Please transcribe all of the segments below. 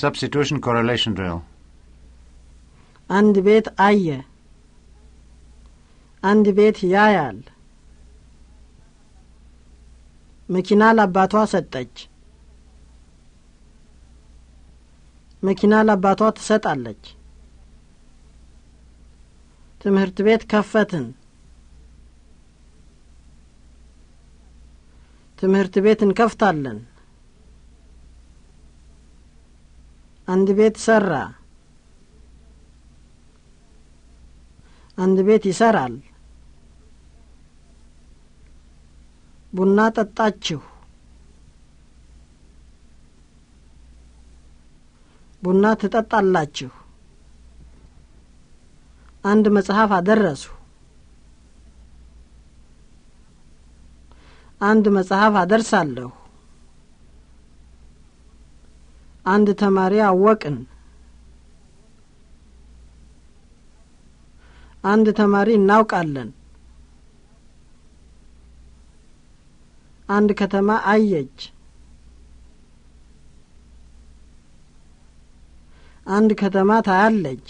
Substitution correlation drill. አንድ ቤት አየ። አንድ ቤት ያያል። መኪና ለአባቷ ሰጠች። መኪና ለአባቷ ትሰጣለች። ትምህርት ቤት ከፈትን። ትምህርት ቤት እንከፍታለን። አንድ ቤት ሰራ። አንድ ቤት ይሰራል። ቡና ጠጣችሁ። ቡና ትጠጣላችሁ። አንድ መጽሐፍ አደረሱ። አንድ መጽሐፍ አደርሳለሁ። አንድ ተማሪ አወቅን። አንድ ተማሪ እናውቃለን። አንድ ከተማ አየች። አንድ ከተማ ታያለች።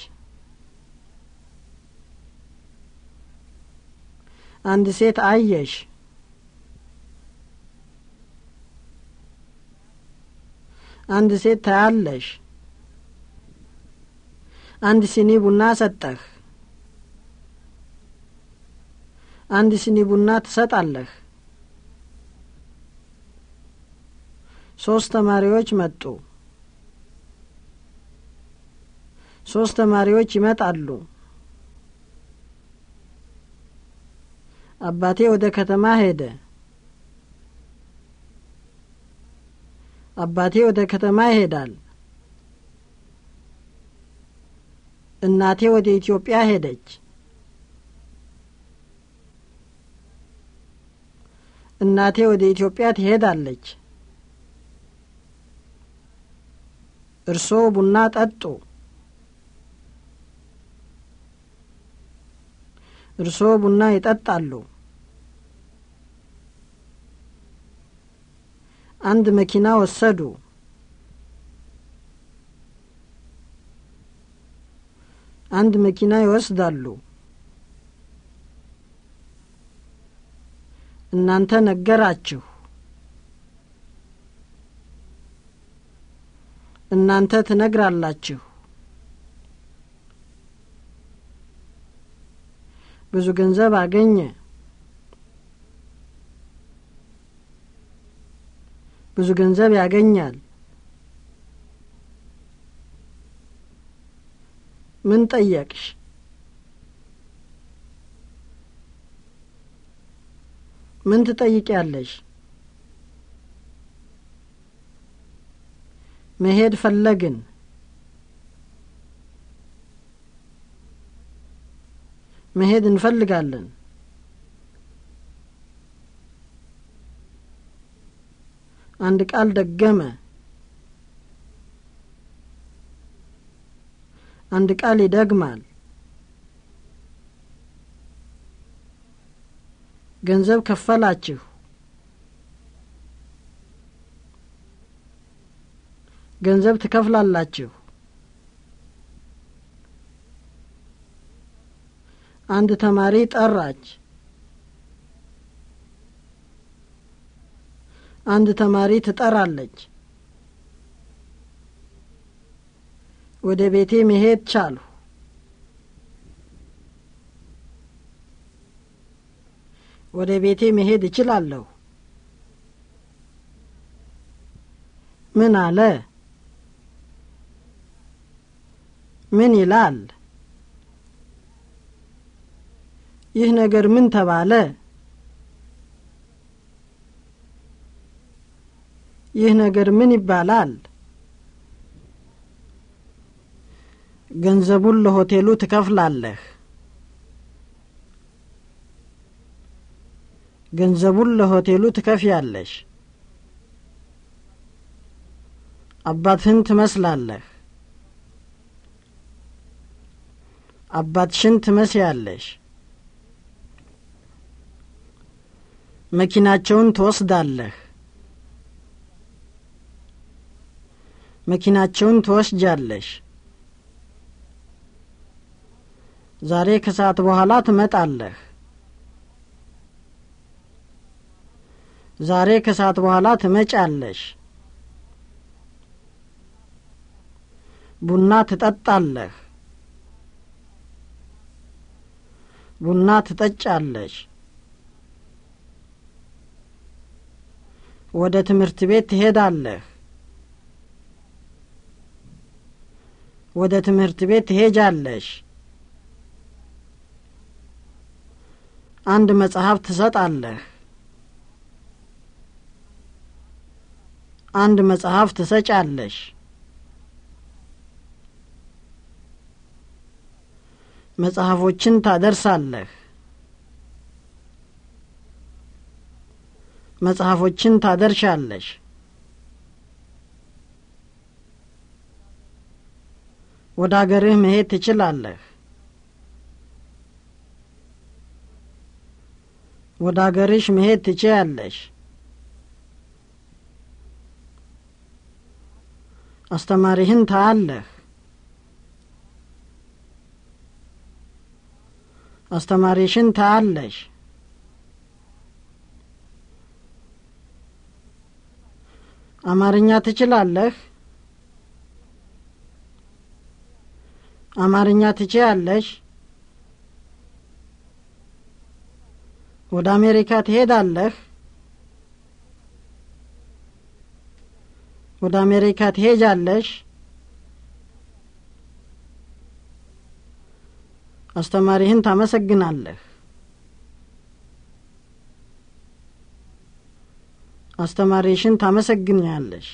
አንድ ሴት አየሽ። አንድ ሴት ታያለሽ። አንድ ሲኒ ቡና ሰጠህ። አንድ ሲኒ ቡና ትሰጣለህ። ሶስት ተማሪዎች መጡ። ሶስት ተማሪዎች ይመጣሉ። አባቴ ወደ ከተማ ሄደ። አባቴ ወደ ከተማ ይሄዳል። እናቴ ወደ ኢትዮጵያ ሄደች። እናቴ ወደ ኢትዮጵያ ትሄዳለች። እርሶ ቡና ጠጡ። እርሶ ቡና ይጠጣሉ። አንድ መኪና ወሰዱ። አንድ መኪና ይወስዳሉ። እናንተ ነገራችሁ። እናንተ ትነግራላችሁ። ብዙ ገንዘብ አገኘ። ብዙ ገንዘብ ያገኛል። ምን ጠየቅሽ? ምን ትጠይቂያለሽ? መሄድ ፈለግን። መሄድ እንፈልጋለን። አንድ ቃል ደገመ። አንድ ቃል ይደግማል። ገንዘብ ከፈላችሁ። ገንዘብ ትከፍላላችሁ። አንድ ተማሪ ጠራች። አንድ ተማሪ ትጠራለች። ወደ ቤቴ መሄድ ቻልሁ። ወደ ቤቴ መሄድ እችላለሁ። ምን አለ? ምን ይላል? ይህ ነገር ምን ተባለ? ይህ ነገር ምን ይባላል? ገንዘቡን ለሆቴሉ ትከፍላለህ። ገንዘቡን ለሆቴሉ ትከፍያለሽ። አባትህን ትመስላለህ። አባትሽን ትመስያለሽ። መኪናቸውን ትወስዳለህ። መኪናቸውን ትወስጃለሽ። ዛሬ ከሰዓት በኋላ ትመጣለህ። ዛሬ ከሰዓት በኋላ ትመጫለሽ። ቡና ትጠጣለህ። ቡና ትጠጫለሽ። ወደ ትምህርት ቤት ትሄዳለህ። ወደ ትምህርት ቤት ትሄጃለሽ። አንድ መጽሐፍ ትሰጣለህ። አንድ መጽሐፍ ትሰጫለሽ። መጽሐፎችን ታደርሳለህ። መጽሐፎችን ታደርሻለሽ። ወደ አገርህ መሄድ ትችላለህ። ወደ አገርሽ መሄድ ትችያለሽ። አስተማሪህን ታአለህ። አስተማሪሽን ታአለሽ። አማርኛ ትችላለህ። አማርኛ ትችያለሽ? ወደ አሜሪካ ትሄዳለህ? ወደ አሜሪካ ትሄጃለሽ? አስተማሪህን ታመሰግናለህ። አስተማሪሽን ታመሰግኛለሽ።